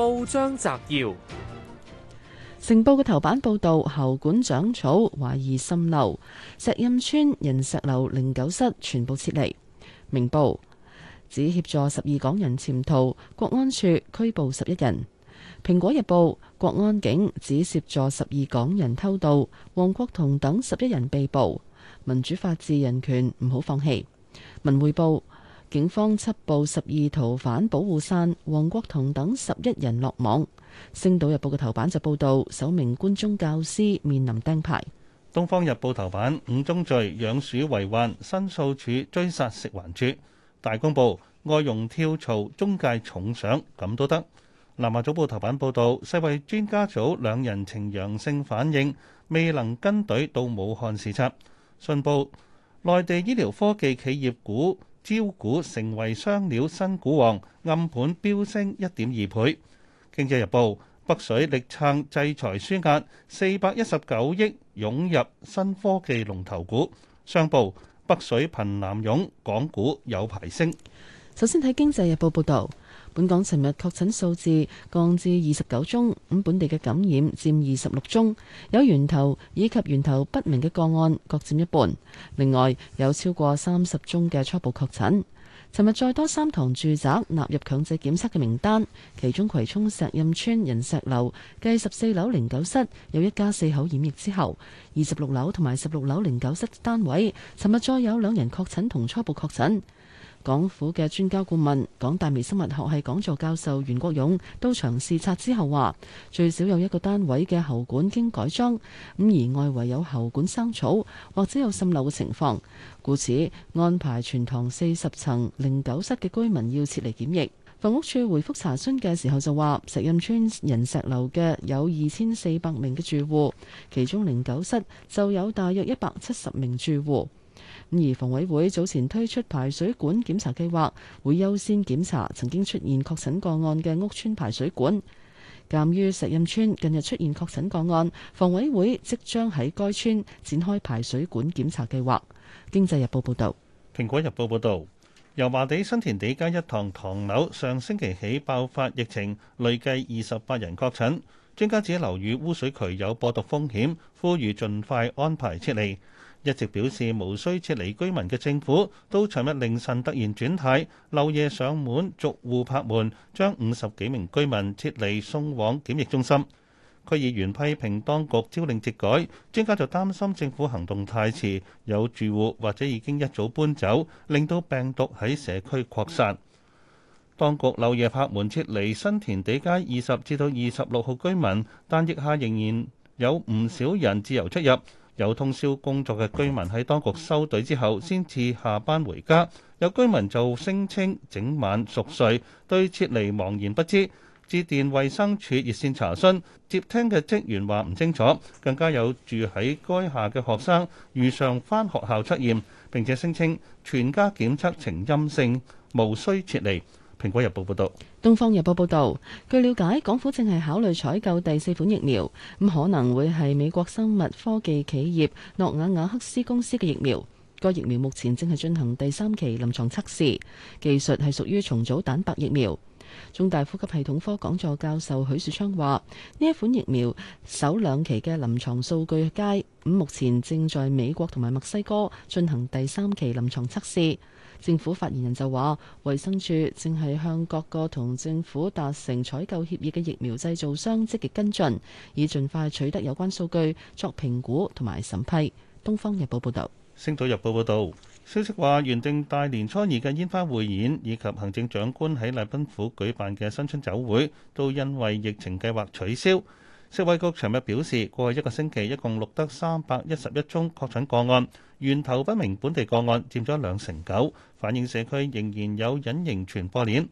報章摘要：成報嘅頭版報道，喉管長草懷疑滲漏，石蔭村人石樓零九室全部撤離。明報，只協助十二港人潛逃，國安處拘捕十一人。蘋果日報，國安警只協助十二港人偷渡，黃國同等十一人被捕。民主法治人權唔好放棄。文匯報。警方緝捕十二逃犯保，保護傘黃國桐等十一人落網。《星島日報》嘅頭版就報道，首名官中教師面臨釘牌。《東方日報》頭版五宗罪：養鼠為患，申訴處追殺食環署，大公報，外佣跳槽中介重賞咁都得。《南華早報》頭版報道，世衛專家組兩人呈陽性反應，未能跟隊到武漢視察。信報內地醫療科技企業股。招股成為雙料新股王，暗盤飆升一點二倍。經濟日報，北水力撐制裁輸壓四百一十九億湧入新科技龍頭股。商報，北水頻南湧，港股有排升。首先睇經濟日報報導。本港尋日確診數字降至二十九宗，咁本地嘅感染佔二十六宗，有源頭以及源頭不明嘅個案各佔一半。另外有超過三十宗嘅初步確診。尋日再多三幢住宅納入強制檢測嘅名單，其中葵涌石蔭邨仁石樓繼十四樓零九室有一家四口染疫之後，二十六樓同埋十六樓零九室單位尋日再有兩人確診同初步確診。港府嘅專家顧問、港大微生物學系講座教授袁國勇到場視察之後話：最少有一個單位嘅喉管經改裝，咁而外圍有喉管生草或者有滲漏嘅情況，故此安排全幢四十層零九室嘅居民要撤離檢疫。房屋處回覆查詢嘅時候就話：石蔭村仁石樓嘅有二千四百名嘅住戶，其中零九室就有大約一百七十名住戶。而房委會早前推出排水管檢查計劃，會優先檢查曾經出現確診個案嘅屋邨排水管。鑒於石蔭邨近日出現確診個案，房委會即將喺該邨展開排水管檢查計劃。經濟日報報道，蘋果日報報道，油麻地新填地街一幢唐樓上星期起爆發疫情，累計二十八人確診。專家指樓宇污水渠有播毒風險，呼籲盡快安排撤離。一直表示無需撤離居民嘅政府，都尋日凌晨突然轉態，漏夜上門逐戶拍門，將五十幾名居民撤離送往檢疫中心。區議員批評當局朝令夕改，專家就擔心政府行動太遲，有住戶或者已經一早搬走，令到病毒喺社區擴散。當局漏夜拍門撤離新田地街二十至到二十六號居民，但腋下仍然有唔少人自由出入。有通宵工作嘅居民喺當局收隊之後先至下班回家，有居民就聲稱整晚熟睡，對撤離茫然不知。致電衛生署熱線查詢，接聽嘅職員話唔清楚，更加有住喺該校嘅學生遇上翻學校出現，並且聲稱全家檢測呈陰性，無需撤離。蘋果日報報道，東方日報報道，據了解，港府正係考慮採購第四款疫苗，咁可能會係美國生物科技企業諾瓦瓦克斯公司嘅疫苗。該疫苗目前正係進行第三期臨床測試，技術係屬於重組蛋白疫苗。中大呼吸系統科講座教授許樹昌話：呢一款疫苗首兩期嘅臨床數據佳，咁目前正在美國同埋墨西哥進行第三期臨床測試。政府發言人就話，衛生署正係向各個同政府達成採購協議嘅疫苗製造商積極跟進，以盡快取得有關數據作評估同埋審批。《東方日報》報導，《星島日報》報導，消息話，原定大年初二嘅煙花匯演以及行政長官喺禮賓府舉辦嘅新春酒會都因為疫情計劃取消。食衛局昨日表示，過去一個星期一共錄得三百一十一宗確診個案。源頭不明，本地個案佔咗兩成九，反映社區仍然有隱形傳播鏈。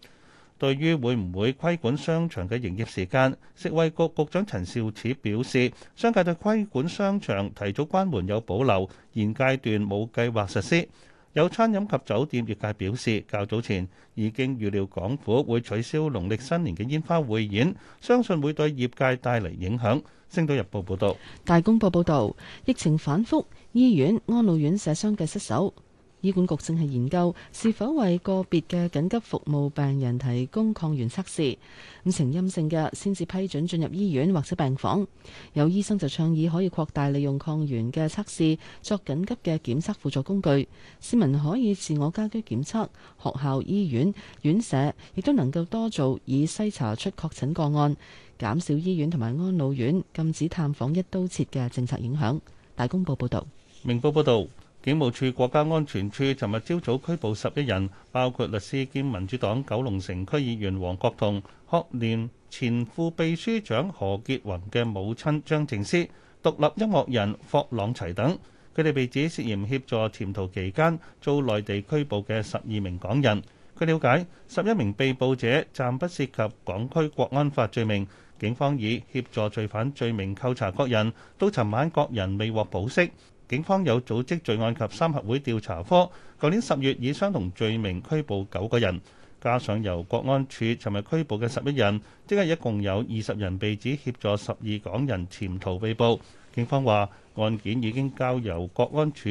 對於會唔會規管商場嘅營業時間，食衛局局長陳肇始表示，商界對規管商場提早關門有保留，現階段冇計劃實施。有餐飲及酒店業界表示，較早前已經預料港府會取消農曆新年嘅煙花匯演，相信會對業界帶嚟影響。星島日報報道，大公報報道，疫情反覆，醫院、安老院社商嘅失守。醫管局正係研究是否為個別嘅緊急服務病人提供抗原測試，咁呈陰性嘅先至批准進入醫院或者病房。有醫生就倡議可以擴大利用抗原嘅測試作緊急嘅檢測輔助工具，市民可以自我家居檢測，學校、醫院、院舍亦都能夠多做以篩查出確診個案，減少醫院同埋安老院禁止探訪一刀切嘅政策影響。大公報報道。明報報導。警務處國家安全處尋日朝早拘捕十一人，包括律師兼民主黨九龍城區議員黃國桐、學聯前副秘書長何潔雲嘅母親張靜思、獨立音樂人霍朗齊等。佢哋被指涉嫌協助潛逃期間遭內地拘捕嘅十二名港人。據了解，十一名被捕者暫不涉及港區國安法罪名，警方以協助罪犯罪名扣查各人，到尋晚各人未獲保釋。警方有組織罪案及三合會調查科，舊年十月以相同罪名拘捕九個人，加上由國安處尋日拘捕嘅十一人，即係一共有二十人被指協助十二港人潛逃被捕。警方話案件已經交由國安處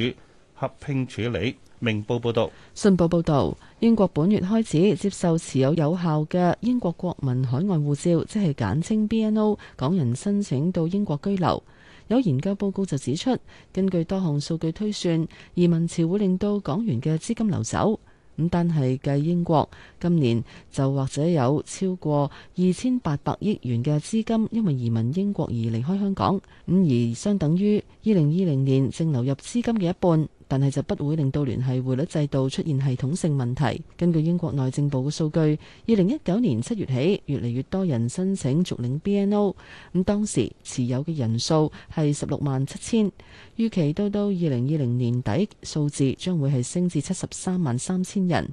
合併處理。明報報道。信報報道，英國本月開始接受持有有效嘅英國國民海外護照，即係簡稱 BNO，港人申請到英國居留。有研究報告就指出，根據多項數據推算，移民潮會令到港元嘅資金流走。咁但係，計英國今年就或者有超過二千八百億元嘅資金，因為移民英國而離開香港。咁而相等於二零二零年淨流入資金嘅一半。但係就不會令到聯繫匯率制度出現系統性問題。根據英國內政部嘅數據，二零一九年七月起，越嚟越多人申請續領 BNO，咁當時持有嘅人數係十六萬七千。預期到到二零二零年底，數字將會係升至七十三萬三千人。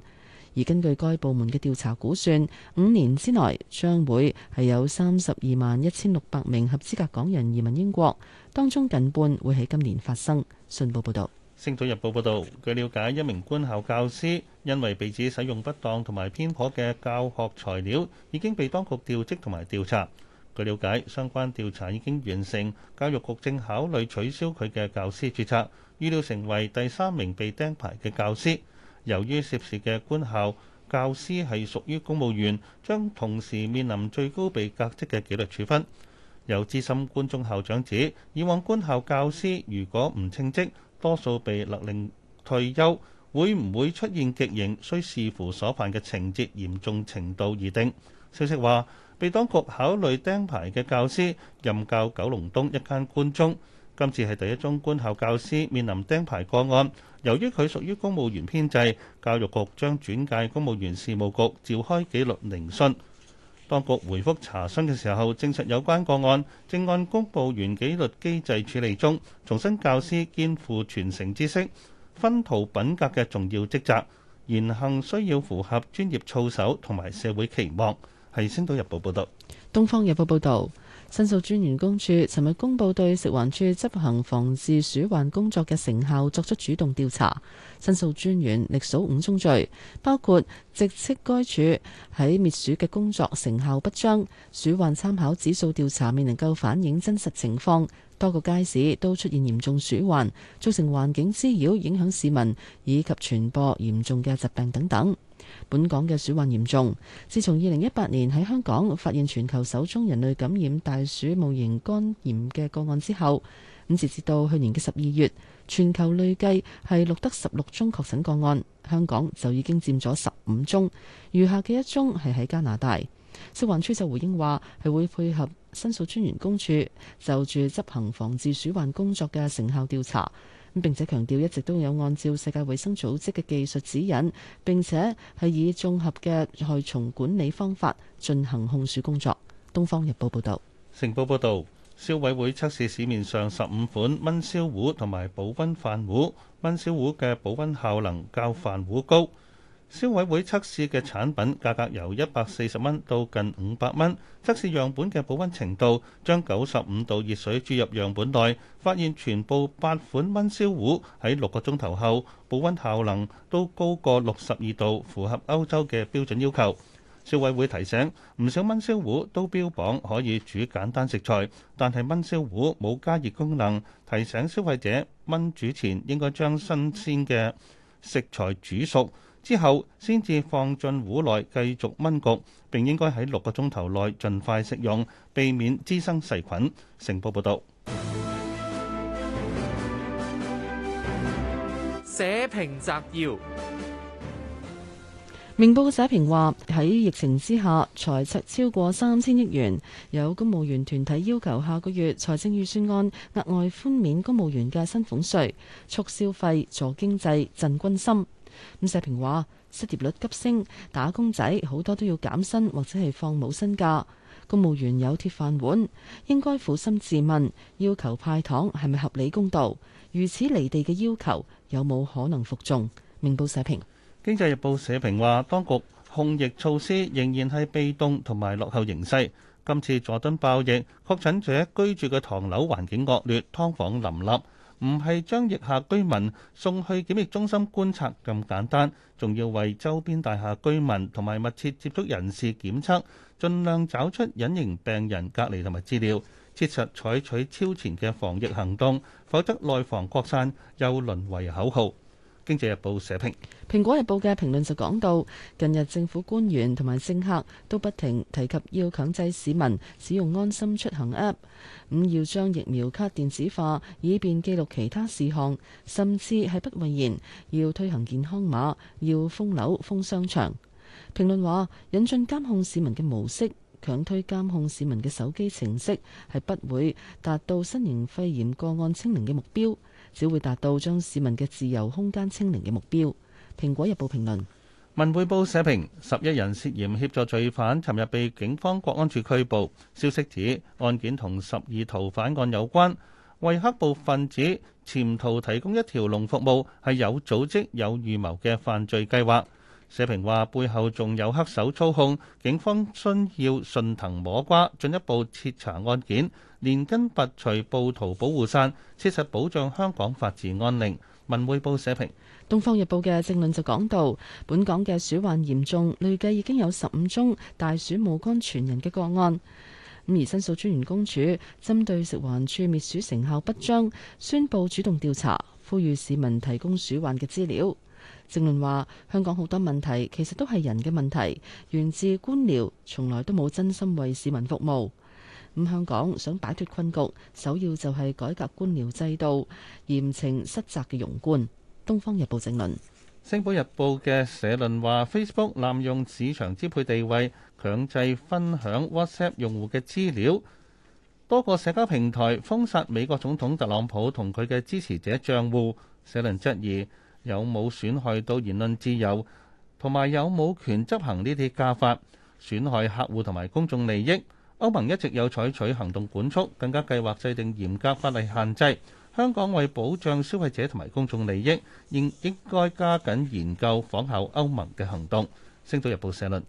而根據該部門嘅調查估算，五年之內將會係有三十二萬一千六百名合資格港人移民英國，當中近半會喺今年發生。信報報道。星島日報報導，據了解，一名官校教師因為被指使用不當同埋偏頗嘅教學材料，已經被當局調職同埋調查。據了解，相關調查已經完成，教育局正考慮取消佢嘅教師註冊，預料成為第三名被釘牌嘅教師。由於涉事嘅官校教師係屬於公務員，將同時面臨最高被革職嘅紀律處分。有資深官中校長指，以往官校教師如果唔稱職，多數被勒令退休，會唔會出現極刑，需視乎所犯嘅情節嚴重程度而定。消息話，被當局考慮釘牌嘅教師，任教九龍東一間官中，今次係第一宗官校教師面臨釘牌個案。由於佢屬於公務員編制，教育局將轉介公務員事務局召開紀律聆訊。當局回覆查詢嘅時候證實有關個案正按公務員紀律機制處理中。重申教師肩負傳承知識、薰陶品格嘅重要職責，言行需要符合專業操守同埋社會期望。係《星島日報》報道，《東方日報》報道。申訴專員公署尋日公布對食環處執行防治鼠患工作嘅成效作出主動調查，申訴專員歷數五宗罪，包括直斥該處喺滅鼠嘅工作成效不彰，鼠患參考指數調查未能夠反映真實情況，多個街市都出現嚴重鼠患，造成環境滋擾，影響市民以及傳播嚴重嘅疾病等等。本港嘅鼠患嚴重。自從二零一八年喺香港發現全球首宗人類感染大鼠戊型肝炎嘅個案之後，咁截至到去年嘅十二月，全球累計係錄得十六宗確診個案，香港就已經佔咗十五宗，餘下嘅一宗係喺加拿大。食環署就回應話，係會配合申訴專員公署就住執行防治鼠患工作嘅成效調查。咁並且強調一直都有按照世界衛生組織嘅技術指引，並且係以綜合嘅害蟲管理方法進行控鼠工作。《東方日報》報道。《成報》報道，消委會測試市面上十五款燜燒壺同埋保溫飯壺，燜燒壺嘅保溫效能較飯壺高。消委會測試嘅產品價格由一百四十蚊到近五百蚊。測試樣本嘅保溫程度，將九十五度熱水注入樣本內，發現全部八款燜燒壺喺六個鐘頭後，保溫效能都高過六十二度，符合歐洲嘅標準要求。消委會提醒，唔少燜燒壺都標榜可以煮簡單食材，但係燜燒壺冇加熱功能，提醒消費者燜煮前應該將新鮮嘅食材煮熟。之後先至放進壺內繼續炆焗，並應該喺六個鐘頭內盡快食用，避免滋生細菌。成報報道。社評摘要：明報社評話喺疫情之下，財赤超過三千億元，有公務員團體要求下個月財政預算案額外寬免公務員嘅薪俸稅，促消費、助經濟、振軍心。咁社評話失業率急升，打工仔好多都要減薪或者係放冇薪假。公務員有鐵飯碗，應該捫心自問，要求派糖係咪合理公道？如此離地嘅要求，有冇可能服眾？明報社評。經濟日報社評話，當局控疫措施仍然係被動同埋落後形勢。今次佐敦爆疫，確診者居住嘅唐樓環境惡劣，劏房林立。唔係將疫下居民送去檢疫中心觀察咁簡單，仲要為周邊大廈居民同埋密切接觸人士檢測，盡量找出隱形病人隔離同埋治療，切實採取超前嘅防疫行動，否則內防擴散又淪為口號。經濟日報社評，蘋果日報嘅評論就講到，近日政府官員同埋政客都不停提及要強制市民使用安心出行 App，唔、嗯、要將疫苗卡電子化，以便記錄其他事項，甚至係不諱言要推行健康碼，要封樓封商場。評論話，引進監控市民嘅模式，強推監控市民嘅手機程式，係不會達到新型肺炎個案清零嘅目標。只會達到將市民嘅自由空間清零嘅目標。蘋果日報評論，文匯報社評：十一人涉嫌協助罪犯，尋日被警方國安處拘捕。消息指案件同十二逃犯案有關，為黑暴分子潛逃提供一條龍服務，係有組織有預謀嘅犯罪計劃。社評話：背後仲有黑手操控，警方需要順藤摸瓜，進一步徹查案件，連根拔除暴徒保護傘，切實保障香港法治安寧。文匯報社評，《東方日報》嘅政論就講到，本港嘅鼠患嚴重，累計已經有十五宗大鼠戊肝傳人嘅個案，咁而申訴專員公署針對食環署滅鼠成效不彰，宣布主動調查。呼籲市民提供鼠患嘅資料。正論話：香港好多問題其實都係人嘅問題，源自官僚，從來都冇真心為市民服務。咁、嗯、香港想擺脱困局，首要就係改革官僚制度，嚴懲失責嘅庸官。《東方日報》正論，《星報日報》嘅社論話：Facebook 濫用市場支配地位，強制分享 WhatsApp 用戶嘅資料。多個社交平台封殺美國總統特朗普同佢嘅支持者賬戶，社論質疑有冇損害到言論自由，同埋有冇權執行呢啲家法損害客戶同埋公眾利益。歐盟一直有採取行動管束，更加計劃制定嚴格法例限制。香港為保障消費者同埋公眾利益，應應該加緊研究仿效歐盟嘅行動。星島日報社論。